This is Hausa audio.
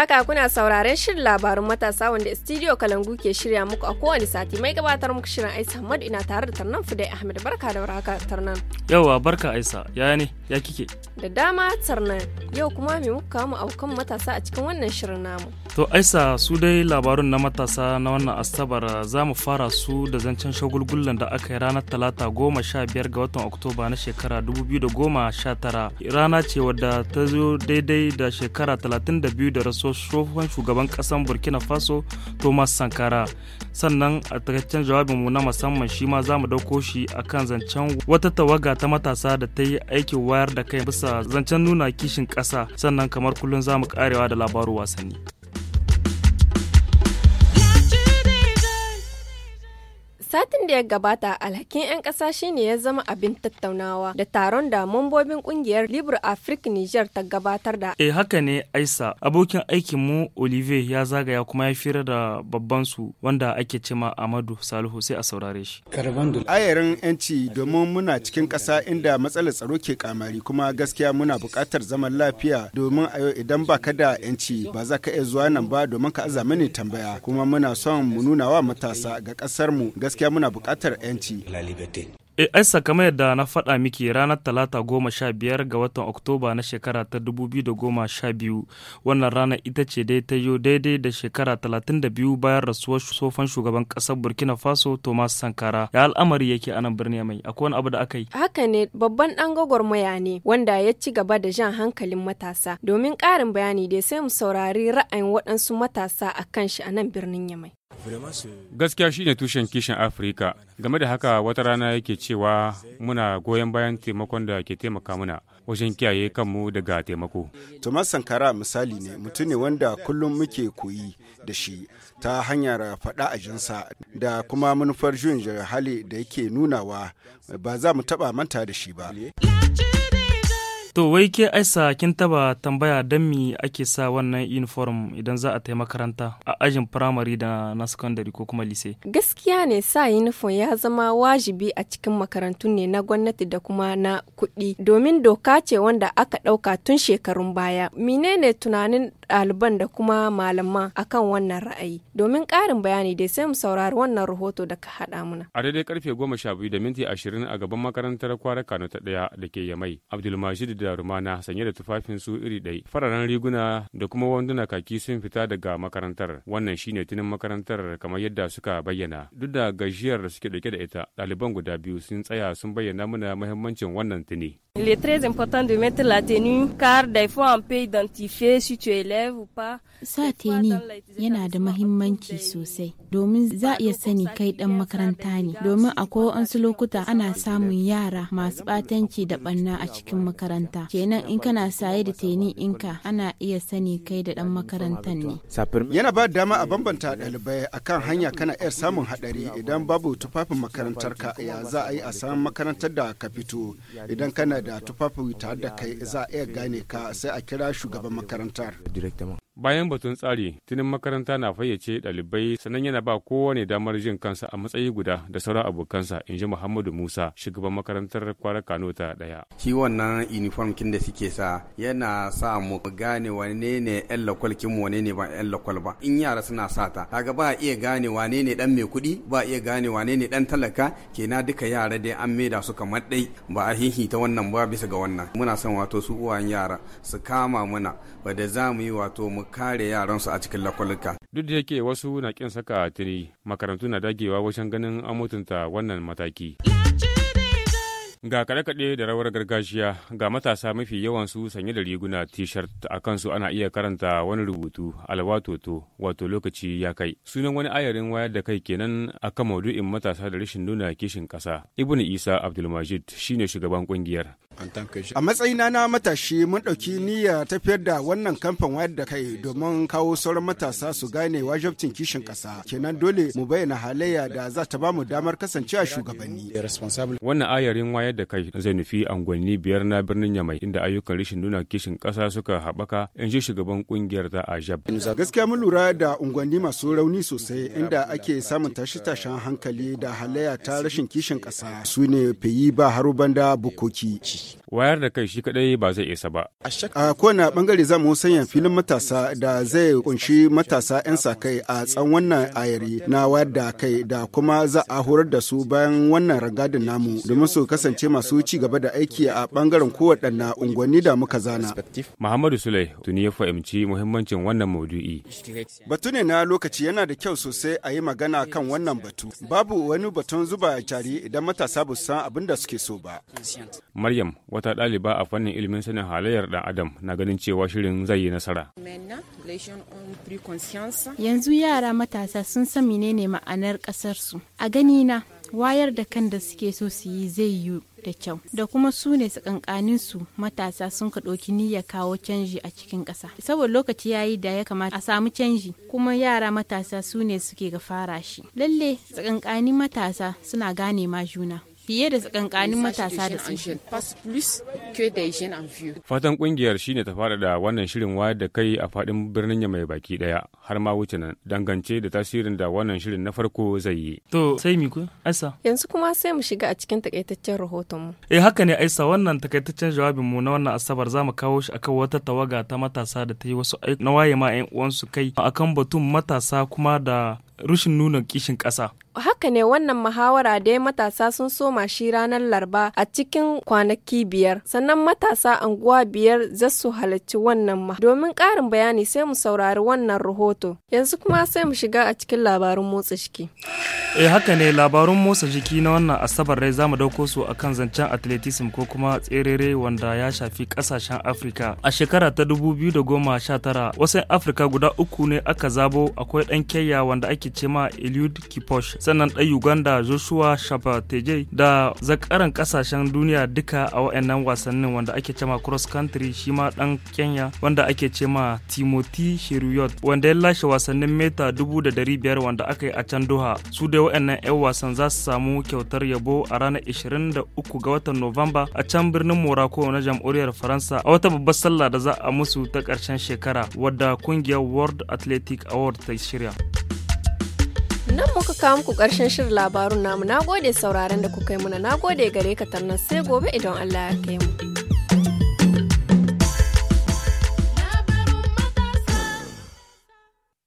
haka kuna sauraren shirin labarun matasa wanda studio Kalangu ke shirya muku a kowane sati mai gabatar muku shirin aisa! Ahmad ina tare da Tarnan fidai Ahmed barka da warhaka Tarnan. Yawwa barka aisa, yaya ne ya kike? Da dama Tarnan yau kuma me muka kamu mu aukan matasa a cikin wannan shirin namu. To aisa su dai labarun na matasa na wannan asabar za mu fara su da zancen shagulgullan da aka yi ranar talata goma sha biyar ga watan oktoba na shekara dubu biyu da goma sha tara rana ce wadda ta zo daidai da shekara talatin da biyu da raso tsohon shugaban kasan burkina faso thomas sankara sannan a takaccen mu na musamman shi ma za mu dauko shi akan zancen wata tawaga ta matasa da ta yi aikin wayar da kai bisa zancen nuna kishin kasa sannan kamar kullum za mu karewa da labaru wasanni. Satin da ya gabata alhakin 'yan ƙasa shine ya zama abin tattaunawa da taron da mambobin kungiyar Libre Afrique Niger ta gabatar da. E haka ne Aisa, abokin aikinmu olive ya zagaya kuma ya fira da babban su wanda ake cema Amadu Salihu sai a saurare shi. Ayarin 'yanci domin muna cikin ƙasa inda matsalar tsaro ke kamari kuma gaskiya muna buƙatar zaman lafiya domin a yau idan ba ka da 'yanci ba za ka iya zuwa nan ba domin ka azamani tambaya kuma muna son mu nuna wa matasa ga ƙasarmu gaskiya gaskiya muna buƙatar 'yanci. Eh, aisa kamar yadda na faɗa miki ranar talata goma sha biyar ga watan Oktoba na shekara ta dubu biyu da goma sha biyu wannan rana ita ce dai ta yi daidai da shekara talatin da biyu bayan rasuwar tsofan shugaban kasar Burkina Faso Thomas Sankara ya al'amari yake anan birni mai akwai wani abu da aka yi. Haka ne babban ɗan gwagwarmaya ne wanda ya ci gaba da jan hankalin matasa domin ƙarin bayani dai sai mu saurari ra'ayin waɗansu matasa a kan shi a nan birnin Yamai. Gaskiya shine tushen kishin Afirka, game da haka wata rana yake cewa muna goyon bayan taimakon da ke taimaka mana wajen kiyaye kanmu daga taimako. Thomas Sankara misali ne mutum ne wanda kullum muke koyi da shi ta hanyar faɗa a jinsa da kuma manufar juyin hali da yake nunawa ba za mu taɓa manta da shi ba. To wai ke aisa kin taba tambaya don me ake sa wannan uniform idan za a tai makaranta a ajin firamare da na secondary ko kuma lise. Gaskiya ne sa uniform ya zama wajibi a cikin makarantu ne na gwamnati da kuma na kuɗi domin doka ce wanda aka ɗauka tun shekarun baya. Menene tunanin ɗaliban da kuma malaman akan wannan ra'ayi. Domin ƙarin bayani dai sai mu saurari wannan rahoto da ka haɗa muna. A daidai karfe goma sha biyu da minti ashirin a gaban makarantar kwara Kano ta ɗaya da ke Yamai. Abdulmajid da Rumana sanye da tufafin su iri ɗai. Fararen riguna da kuma wanduna kaki sun fita daga makarantar. Wannan shine tunin makarantar kamar yadda suka bayyana. Duk da gajiyar da suke ɗauke da ita, ɗaliban guda biyu sun tsaya sun bayyana mana mahimmancin wannan tuni. Il est très important de mettre la tenue car des fois on peut identifier si tu es Sa teni yana da mahimmanci sosai domin za iya sani kai dan makaranta ne domin akwai wasu lokuta ana samun yara masu batanci da banna a cikin makaranta. Kenan in kana saye da teni in ka ana iya sani kai da dan makarantar ne. Yana ba dama a bambanta ɗalibai kan hanya kana iya samun haɗari idan babu tufafin makarantar ka ya za a yi a samun makarantar da ka fito idan kana da tufafin tare da kai za a iya gane ka sai a kira shugaban makarantar. directement. bayan batun tsari tunin makaranta na fayyace ɗalibai sannan yana ba kowane damar jin kansa a matsayi guda da sauran abokansa in ji muhammadu musa shugaban makarantar kwara kano ta ɗaya shi wannan uniform kin da suke sa yana sa mu gane wane ne yan lakwal kin wane ne ba yan lakwal ba in yara suna sata. kaga ba iya gane wane ne dan mai kuɗi ba iya gane wane ne dan talaka kena duka yara dai an maida su kamar dai ba a ta wannan ba bisa ga wannan muna son wato su uwayen yara su kama muna ba da za mu yi wato mu kare yaransu a cikin lakwalika. Duk da yake wasu na kin saka tiri, makarantu na dagewa wajen ganin an mutunta wannan mataki. Ga kaɗe-kaɗe da rawar gargajiya ga matasa mafi yawan su sanye da riguna t-shirt a kansu ana iya karanta wani rubutu alwatoto wato lokaci ya kai. Sunan wani ayarin wayar da kai kenan akan maudu'in matasa da rashin nuna kishin ƙasa. Ibn Isa Abdulmajid shine shugaban ƙungiyar. A matsayina na matashi mun ɗauki niyya tafiyar da wannan kamfan wayar da kai domin kawo sauran matasa su gane wajabcin kishin ƙasa. Kenan dole mu bayyana halayya da za ta bamu damar kasancewa shugabanni. Wannan ayarin wayar da kai zai nufi angwanni biyar na birnin Yamai inda ayyukan rashin nuna kishin ƙasa suka haɓaka in ji shugaban ƙungiyar ta Ajab. Gaskiya mun lura da unguwanni masu rauni sosai inda ake samun tashe-tashen hankali da halayya ta rashin kishin ƙasa su ne Feyi ba Harubanda Bukoki. Wayar da kai shi kadai ba zai isa ba. A kowane bangare za mu sanya filin matasa da zai kunshi matasa 'yan sa kai a tsan wannan ayari na wayar da kai da kuma za a horar da su bayan wannan rangadin namu domin su kasance masu ci gaba da aiki a bangaren kowaɗanne unguwanni da muka zana. Muhammadu Sule tuni ya fahimci muhimmancin wannan maudu'i. Batu ne na lokaci yana da kyau sosai a yi magana kan wannan batu. Babu wani batun zuba jari idan matasa ba san abin da suke so ba. Maryam wata ɗaliba a fannin ilimin sanin halayyar ɗan Adam na ganin cewa shirin zai yi nasara. Yanzu yara matasa sun san menene ma'anar ƙasarsu. A ganina wayar da kan da suke so su yi zai yiwu da kyau da kuma su ne su matasa sun ka ɗauki niyyar kawo canji a cikin ƙasa saboda lokaci ya yi da ya kamata a samu canji kuma yara matasa su ne suke ga fara shi lalle tsakankanin matasa suna gane ma juna fiye da tsakankanin matasa da su. Fatan kungiyar ne ta faɗaɗa wannan shirin wayar da kai a faɗin birnin mai baki ɗaya har ma wuce nan dangance da tasirin da wannan shirin na farko zai yi. To sai mi ku Aisa. Yanzu kuma sai mu shiga a cikin takaitaccen rahoton mu. Eh haka ne Aisa wannan takaitaccen jawabin mu na wannan asabar za mu kawo shi akan wata tawaga ta matasa da ta yi wasu aiki na waye ma 'yan uwansu kai akan batun matasa kuma da rushin nuna kishin ƙasa haka ne wannan muhawara dai matasa sun soma shi ranar Larba a cikin kwanaki biyar. Sannan matasa anguwa biyar za su halarci wannan ma. Domin karin bayani sai mu saurari wannan rahoto. Yanzu kuma sai mu shiga a cikin labarin motsa shiki. eh haka ne labarun motsa jiki na wannan asabar rai zamu dauko su akan zancen athleticism ko kuma tserere wanda ya shafi kasashen afirka a shekara ta 2019 wasan afirka guda uku ne aka zabo akwai dan kenya wanda ake ce ma eliud kiposh sannan dan uganda joshua shapateje da zakaran kasashen duniya duka a wayannan wasannin wanda ake ce ma cross country shi ma dan kenya wanda ake ce ma timothy shiruyot wanda ya lashe wasannin meta 1500 wanda aka yi a can doha su da shirya nan 'yan wasan za su samu kyautar yabo a ranar 23 ga watan Nuwamba a can birnin Morocco na jamhuriyar Faransa a wata babbar sallah da za a musu ta ƙarshen shekara wadda kungiyar World Athletic Award ta shirya. Nan muka kawo muku ƙarshen shirin labarun namu na gode sauraron da kuka yi muna na gode gare ka tarnan sai gobe idan Allah ya kai mu.